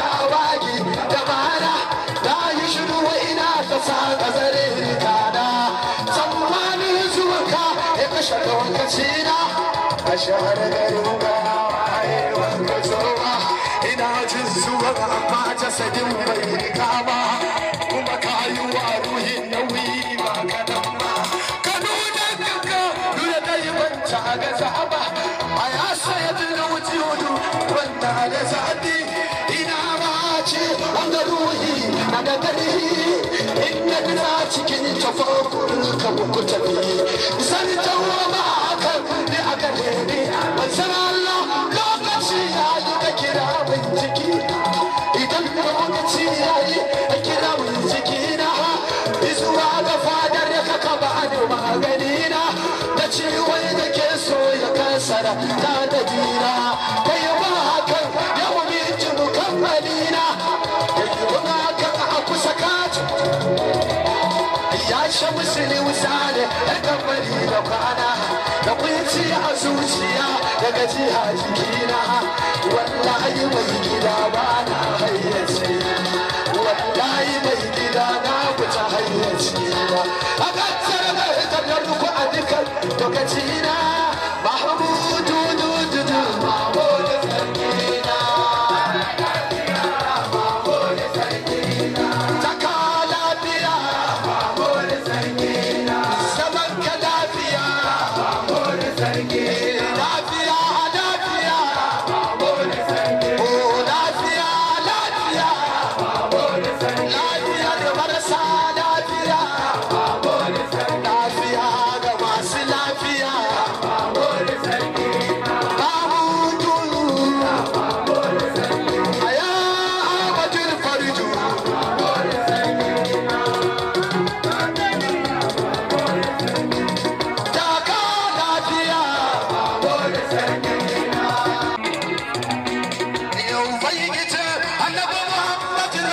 shawagi da bara na yi shiru wa ina ta sa gazare rikana tsammanin zuwanka ya kashe da wankaci na a shahar garin ganawa ya wanka tsowa ina jin zuwa amma jasadin bai kama kuma ka yi zara ta da ka ba jinu da yi a kusa ya sha musuli ya kamfani da kwana da kunci a zuciya da gaji a jikina wallahi mai gida ba na hayyace wallahi mai gida na hayyace ba a kan a dukkan lokaci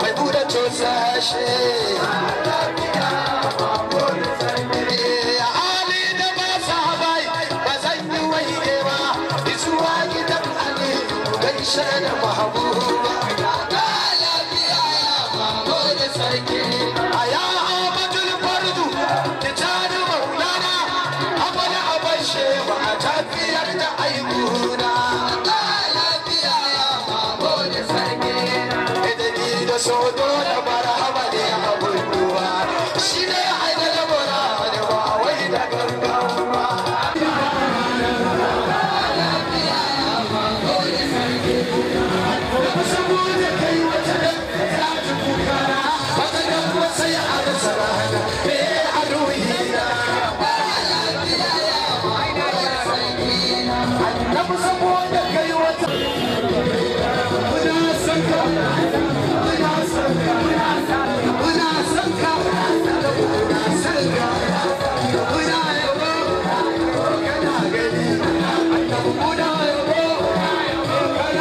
mai bura to sashe